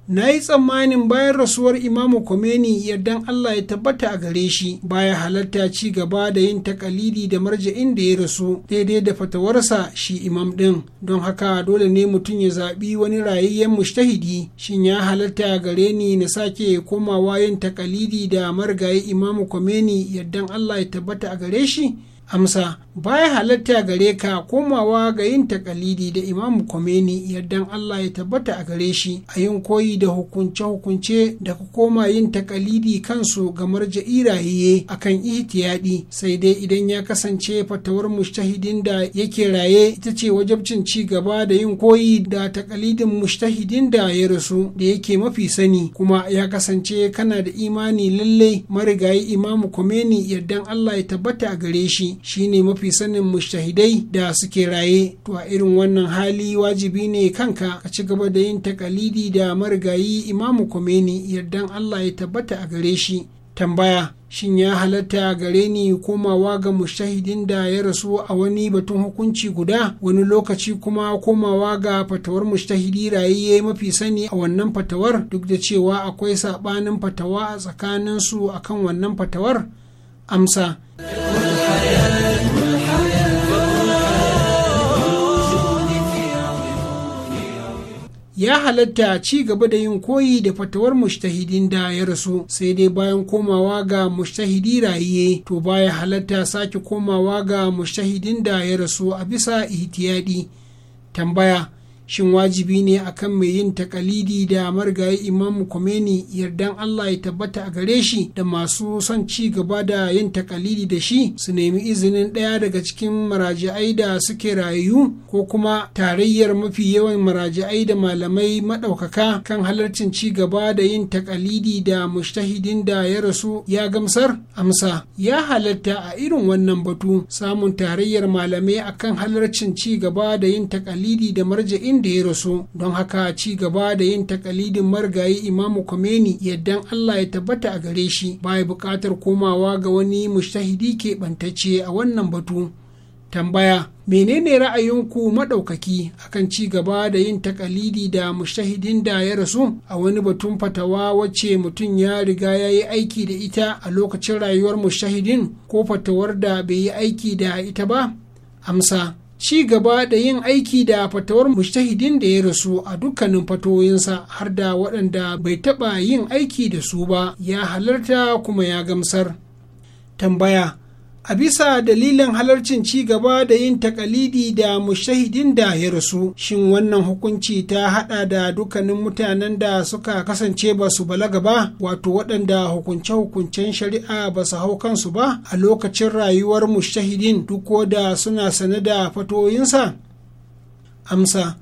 D: na yi tsammanin bayan rasuwar imamu Khomeini yardan Allah ya tabbata a gare shi baya halatta ci gaba da yin takalidi da marja'in da ya rasu daidai da fatawarsa shi imam din don haka dole ne mutum ya zaɓi wani rayayyen mushtahidi shin ya halatta gare ni na sake komawa yin takalidi da marigayi imamu Khomeini yardan Allah ya tabbata a gare shi amsa baya halatta gare ka komawa ga yin takalidi da imamu Khomeini yardan Allah ya tabbata a gare shi a yin koyi da hukunce-hukunce da ka koma yin takalidi kansu ga marja'i a akan ihtiyadi sai dai idan ya kasance fatawar mushtahidin da yake raye ita ce wajabcin ci gaba da yin koyi da takalidin mushtahidin da ya rasu da yake mafi sani kuma ya kasance kana da imani lallai marigayi imamu Khomeini yardan Allah ya tabbata a gare shi shine mafi mafi sanin mushtahidai da suke raye to a irin wannan hali wajibi ne kanka ka ci gaba da yin takalidi da marigayi imamu komeni yardan Allah ya tabbata a gare shi tambaya shin ya halatta gare ni komawa ga mushahidin da ya rasu a wani batun hukunci guda wani lokaci kuma komawa ga fatawar mushtahidi rayayye mafi sani a wannan fatawar duk da cewa akwai saɓanin fatawa a tsakaninsu akan wannan fatawar amsa ya halatta ci gaba da yin koyi da fatawar mushtahidin da ya rasu sai dai bayan komawa ga mushtahidi rayiye to baya halatta sake komawa ga mushtahidin da ya rasu a bisa ihtiyadi tambaya shin wajibi ne akan mai yin takalidi da marigayi imamu Khomeini yardan Allah ya tabbata a gare shi da masu son ci gaba da yin takalidi da shi su nemi izinin ɗaya daga cikin marajiai da suke rayu ko kuma tarayyar mafi yawan marajiai da malamai maɗaukaka kan halarcin ci gaba da yin takalidi da mushtahidin da ya rasu ya gamsar amsa ya halatta a irin wannan batu samun tarayyar malamai akan halarcin ci gaba da yin takalidi da marja'in abin da ya rasu don haka ci gaba da yin takalidin marigayi imamu kwameni yaddan Allah ya tabbata a gare shi baya buƙatar komawa ga wani mushtahidi keɓantacce a wannan batu tambaya menene ra'ayinku maɗaukaki akan ci gaba da yin takalidi da mushtahidin da ya rasu a wani batun fatawa wacce mutum ya riga ya yi aiki da ita a lokacin rayuwar mushtahidin ko fatawar da bai yi aiki da ita ba amsa ci gaba da yin aiki da fatawar mushtahidin da ya rasu a dukkanin fatoyinsa har da waɗanda bai taɓa yin aiki da su ba ya halarta kuma ya gamsar tambaya a bisa dalilin halarcin ci gaba da yin takalidi da mushahidin da ya rasu shin wannan hukunci ta hada da dukkanin mutanen da suka kasance ba su balaga ba wato waɗanda hukunce-hukuncen shari'a ba su hau kansu ba a lokacin rayuwar mushahidin duk da suna sane da fatoyinsa amsa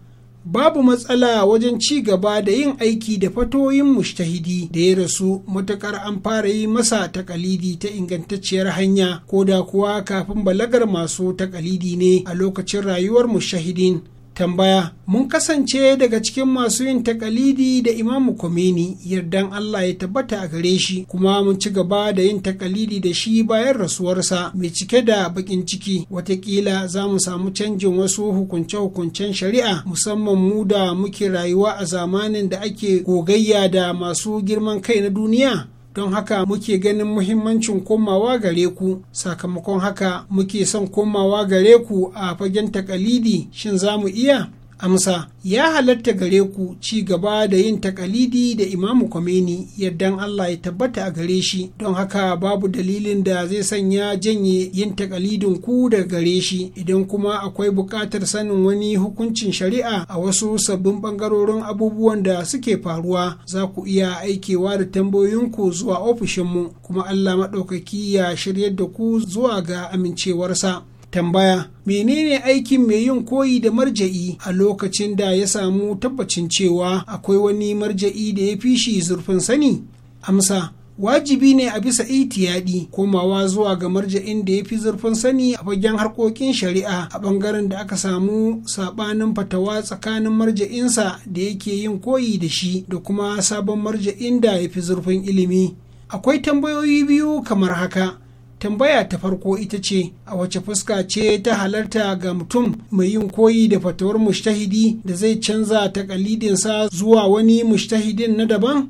D: babu matsala wajen ci gaba da yin aiki da fatoyin mushtahidi da ya rasu matuƙar an fara yi masa takalidi ta ingantacciyar hanya ko da kuwa kafin balagar masu takalidi ne a lokacin rayuwar mushtahidin Tambaya, mun kasance daga cikin masu yin takalidi da Imamu komeni yardan Allah ya tabbata a gare shi kuma mun ci gaba da yin takalidi da shi bayan rasuwarsa mai cike da bakin ciki watakila za mu samu canjin wasu hukunce-hukuncen shari'a musamman mu da muke rayuwa a zamanin da ake gogayya da masu girman kai na duniya. don haka muke ganin muhimmancin komawa gare ku sakamakon haka muke son komawa gare ku a fagen takalidi shin za mu iya amsa ya halatta gare ku ci gaba da yin takalidi da imamu kwameni yadda Allah ya tabbata a gare shi don haka babu dalilin da zai sanya janye yin takalidin ku da gare shi idan kuma akwai buƙatar sanin wani hukuncin shari'a a wasu sabbin bangarorin abubuwan da suke faruwa za ku iya aikewa da tambayoyinku zuwa ofishinmu kuma Allah maɗaukaki ya shiryar da ku zuwa ga amincewarsa. tambaya menene aikin mai yin koyi da marja'i a lokacin da ya samu tabbacin cewa akwai wani marja'i da ya fi shi zurfin sani amsa wajibi ne a bisa itiyadi komawa zuwa ga marja'in da ya fi zurfin sani a fagen harkokin shari'a a bangaren da aka samu sabanin fatawa tsakanin marja'insa da yake yin koyi da shi da kuma sabon marja'in da ya fi zurfin ilimi akwai tambayoyi biyu kamar haka tambaya ta farko ita ce a wace fuska ce ta halarta ga mutum mai yin koyi da fatawar mushtahidi da zai canza takalidinsa zuwa wani mushtahidin na daban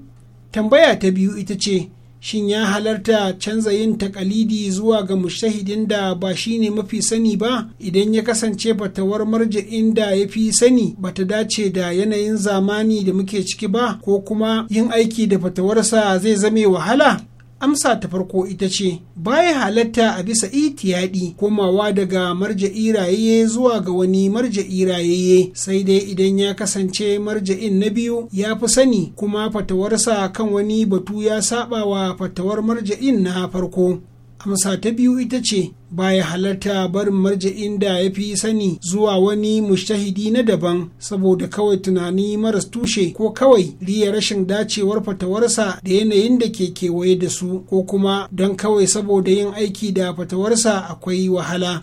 D: tambaya ta biyu ita ce shin ya halarta canza yin takalidi zuwa ga mushtahidin da ba shi ne mafi sani ba idan ya kasance fatawar marja'in da ya fi sani ba ta dace da yanayin zamani da muke ciki ba ko kuma yin aiki da fatawarsa zai zame wahala amsa ta farko ita ce baya halatta a bisa itiyadi komawa daga marja'i rayeye zuwa ga wani marja'i rayeye sai dai idan ya kasance marja'in na biyu ya fi sani kuma fatawarsa kan wani batu ya saba wa fatawar marja'in na farko amsa ta biyu ita ce ba ya halarta barin marja'in da ya fi sani zuwa wani mushtahidi na daban saboda kawai tunani maras tushe ko kawai riya rashin dacewar fatawarsa da yanayin da ke kewaye da su ko kuma don kawai saboda yin aiki da fatawarsa akwai wahala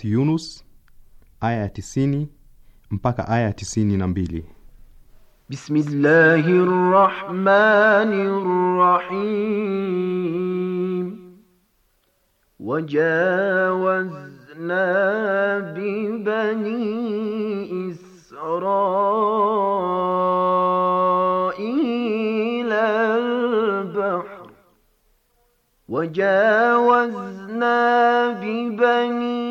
L: Surati Yunus aya ya tisini mpaka aya ya tisini na mbili. Bismillahir Rahmanir Rahim
J: Wajawazna bi bani Israil Wajawazna bi